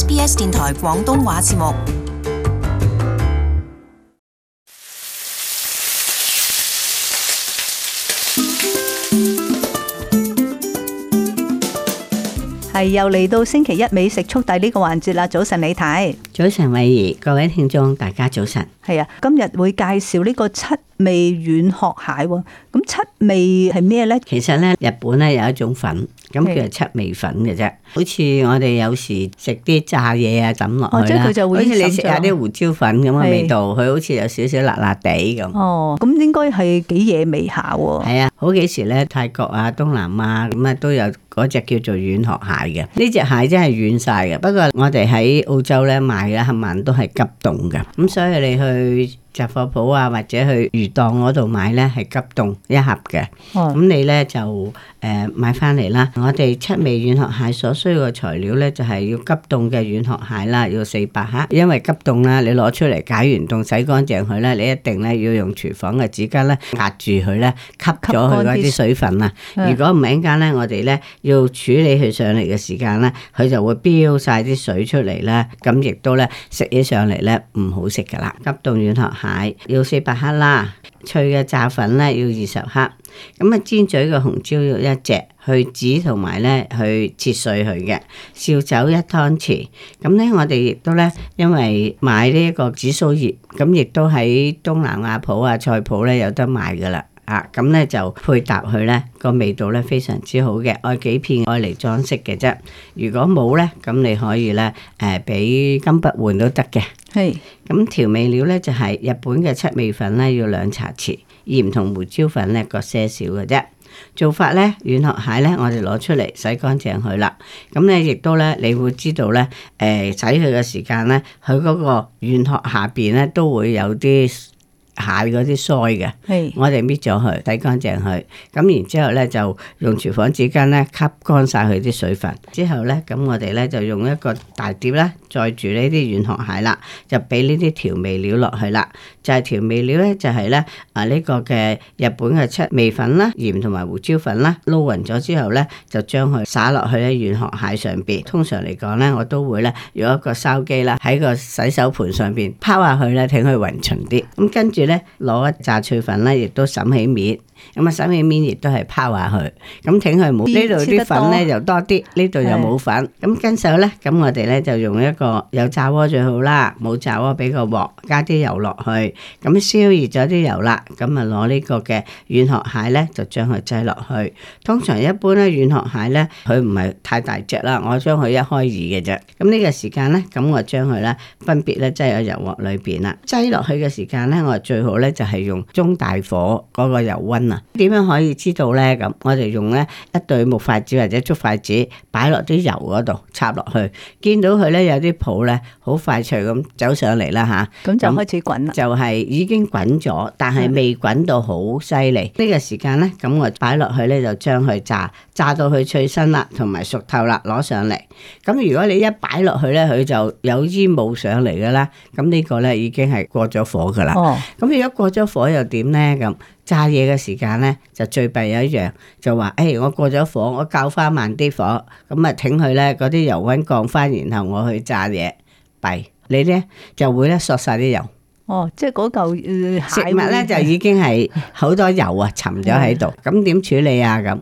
SBS 電台廣東話節目係又嚟到星期一美食速遞呢個環節啦！早晨，李太，早晨，偉兒，各位聽眾，大家早晨。係啊，今日會介紹呢個七味軟殼蟹喎。咁七味係咩呢？其實呢，日本呢有一種粉。咁佢是叫做七味粉嘅啫，好似我哋有時食啲炸嘢啊，抌落去即佢就會，好似你食下啲胡椒粉咁嘅是味道，佢好似有少少辣辣地咁。哦，咁應該係幾嘢味下喎。係啊，好幾時咧，泰國啊、東南亞咁啊、嗯，都有嗰隻叫做軟殼蟹嘅。呢隻蟹真係軟晒嘅，不過我哋喺澳洲咧買嘅，係萬都係急凍嘅，咁所以你去。雜貨鋪啊，或者去魚檔嗰度買呢，係急凍一盒嘅。咁、嗯嗯、你呢就誒、呃、買翻嚟啦。我哋七味軟殼蟹所需嘅材料呢，就係、是、要急凍嘅軟殼蟹啦，要四百克。因為急凍啦，你攞出嚟解完凍，洗乾淨佢呢，你一定呢要用廚房嘅紙巾呢壓住佢呢，吸咗佢嗰啲水分啊。如果唔係，一陣呢我哋呢要處理佢上嚟嘅時間呢，佢就會飆晒啲水出嚟咧。咁亦都呢，食起上嚟呢唔好食噶啦，急凍軟殼蟹。買要四百克啦，脆嘅炸粉咧要二十克，咁啊煎嘴嘅紅椒肉一隻去煮同埋咧去切碎佢嘅，紹酒一湯匙，咁咧我哋亦都咧因為買呢一個紫蘇葉，咁亦都喺東南亞鋪啊菜鋪咧有得賣噶啦，啊咁咧就配搭佢咧，這個味道咧非常之好嘅，愛幾片愛嚟裝飾嘅啫，如果冇咧，咁你可以咧誒俾金不換都得嘅。係，咁調味料咧就係、是、日本嘅七味粉咧，要兩茶匙，鹽同胡椒粉咧各些少嘅啫。做法咧，軟殼蟹咧，我哋攞出嚟洗乾淨佢啦。咁、嗯、咧，亦都咧，你會知道咧，誒、呃、洗佢嘅時間咧，佢嗰個軟殼下邊咧都會有啲。蟹嗰啲腮嘅，是我哋搣咗佢，洗乾淨佢，咁然之後咧就用廚房紙巾咧吸乾晒佢啲水分。之後咧咁我哋咧就用一個大碟咧載住呢啲軟殼蟹啦，就俾呢啲調味料落去啦。就係、是、調味料咧，就係咧啊呢、這個嘅日本嘅七味粉啦、鹽同埋胡椒粉啦，撈匀咗之後咧，就將佢撒落去咧軟殼蟹上邊。通常嚟講咧，我都會咧用一個筲箕啦，喺個洗手盆上邊拋下去咧，整佢混勻啲。咁跟住。咧攞一紮脆粉咧，亦都搵起面。咁啊，上面面亦都係拋下佢，咁請佢冇呢度啲粉咧又多啲，呢度又冇粉。咁的跟手咧，咁我哋咧就用一個油炸鍋最好啦，冇炸鍋俾個鑊，加啲油落去，咁燒熱咗啲油啦，咁啊攞呢個嘅軟殼蟹咧就將佢擠落去。通常一般咧軟殼蟹咧佢唔係太大隻啦，我將佢一開二嘅啫。咁呢個時間咧，咁我將佢咧分別咧擠喺油鑊裏邊啦。擠落去嘅時間咧，我最好咧就係用中大火嗰個油溫。點樣可以知道呢？咁我哋用咧一對木筷子或者竹筷子擺落啲油嗰度插落去，見到佢咧有啲泡咧，好快脆咁走上嚟啦吓，咁就開始滾啦、嗯。就係、是、已經滾咗，但係未滾到好犀利。呢的個時間呢，咁我擺落去呢，就將佢炸，炸到佢脆身啦，同埋熟透啦，攞上嚟。咁如果你一擺落去呢，佢就有煙霧上嚟嘅啦。咁呢個呢，已經係過咗火噶啦。哦。咁如果過咗火又點呢？咁炸嘢嘅時間咧，就最弊有一樣就話，誒、欸，我過咗火，我較返慢啲火，咁啊，停佢咧，嗰啲油溫降翻，然後我去炸嘢，弊。你咧就會咧索晒啲油。哦，即係嗰嚿食物咧就已經係好多油啊，沉咗喺度，咁點處理啊？咁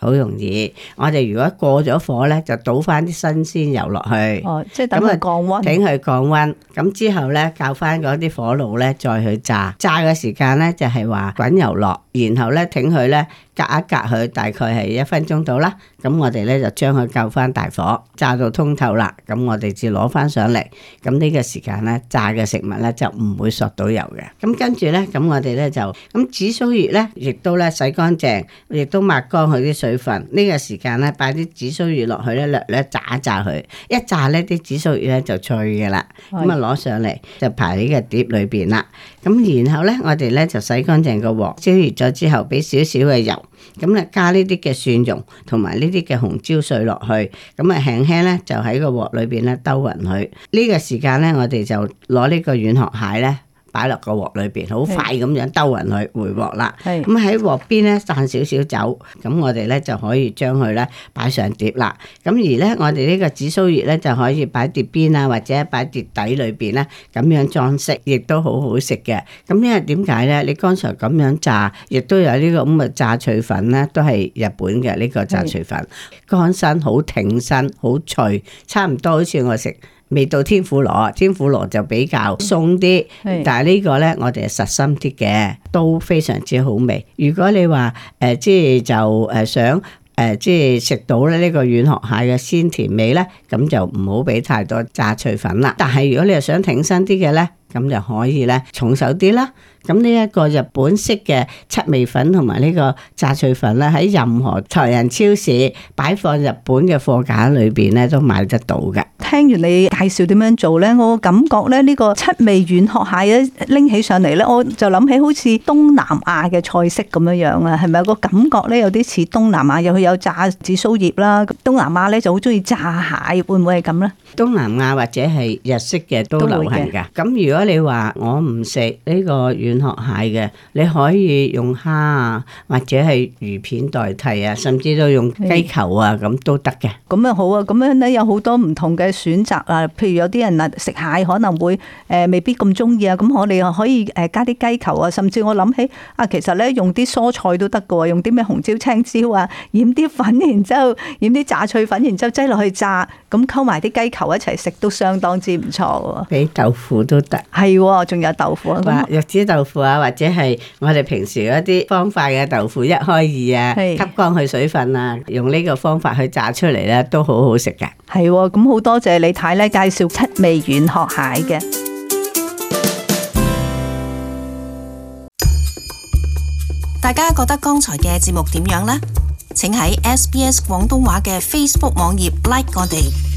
好容易，我哋如果過咗火咧，就倒翻啲新鮮油落去，哦、即等佢降溫，挺佢降溫。咁之後咧，教翻嗰啲火爐咧，再去炸。炸嘅時間咧，就係話滾油落，然後咧，挺佢咧。隔一隔佢大概係一分鐘到啦，咁我哋咧就將佢救翻大火炸到通透啦，咁我哋至攞翻上嚟。咁呢個時間咧炸嘅食物咧就唔會索到油嘅。咁跟住咧，咁我哋咧就咁紫蘇葉咧，亦都咧洗乾淨，亦都抹乾佢啲水分。呢個時間咧，擺啲紫蘇葉落去咧，略略炸一炸佢，一炸咧啲紫蘇葉咧就脆噶啦。咁啊攞上嚟就排喺個碟裏邊啦。咁然後咧，我哋咧就洗乾淨個鑊，燒熱咗之後，俾少少嘅油。咁咧加呢啲嘅蒜蓉同埋呢啲嘅紅椒碎落去，咁啊輕輕咧就喺個鑊裏邊咧兜勻佢。呢個時間咧，我哋就攞呢個軟殼蟹咧。擺落個鑊裏邊，好快咁樣兜勻去回鑊啦。咁喺的、嗯、鑊邊咧散少少酒，咁我哋咧就可以將佢咧擺上碟啦。咁而咧，我哋呢個紫蘇葉咧就可以擺碟邊啊，或者擺碟底裏邊咧，咁樣裝飾，亦都好好食嘅。咁因為點解咧？你剛才咁樣炸，亦都有呢個咁嘅炸脆粉啦，都係日本嘅呢、呢個炸脆粉，乾的身好挺身，好脆，差唔多好似我食。未到天婦羅，天婦羅就比較鬆啲，嗯、但係呢個呢，我哋係實心啲嘅，都非常之好味。如果你話誒、呃、即係就誒想誒、呃、即係食到咧呢個軟殼蟹嘅鮮甜味呢，咁就唔好俾太多炸脆粉啦。但係如果你又想挺身啲嘅呢，咁就可以呢，重手啲啦。咁呢一個日本式嘅七味粉同埋呢個炸脆粉咧，喺任何台人超市擺放日本嘅貨架裏邊咧，都買得到㗎。聽完你介紹點樣做咧，我感覺咧呢個七味軟殼蟹咧拎起上嚟咧，我就諗起好似東南亞嘅菜式咁樣樣啦，係咪個感覺咧有啲似東南亞？又佢有炸紫蘇葉啦，東南亞咧就好中意炸蟹，會唔會係咁咧？東南亞或者係日式嘅都流行㗎。咁如果你話我唔食呢個軟殼蟹嘅，你可以用蝦啊，或者係魚片代替啊，甚至都用雞球啊咁都得嘅。咁啊好啊，咁樣咧有好多唔同嘅選擇啊。譬如有啲人啊食蟹可能會誒、呃、未必咁中意啊，咁我哋又可以誒加啲雞球啊，甚至我諗起啊，其實咧用啲蔬菜都得嘅喎，用啲咩紅椒、青椒啊，染啲粉然，然之後染啲炸脆粉，然之後擠落去炸，咁溝埋啲雞球一齊食都相當之唔錯嘅。俾豆腐都得，啊，係仲，啊、有豆腐啊。豆腐啊，或者係我哋平時一啲方塊嘅豆腐，一開二啊，是吸乾去水分啊，用呢個方法去炸出嚟咧，都好好食嘅。係咁，好多謝李太咧介紹七味軟殼蟹嘅。大家覺得剛才嘅節目點樣呢？請喺 SBS 廣東話嘅 Facebook 網頁 like 我哋。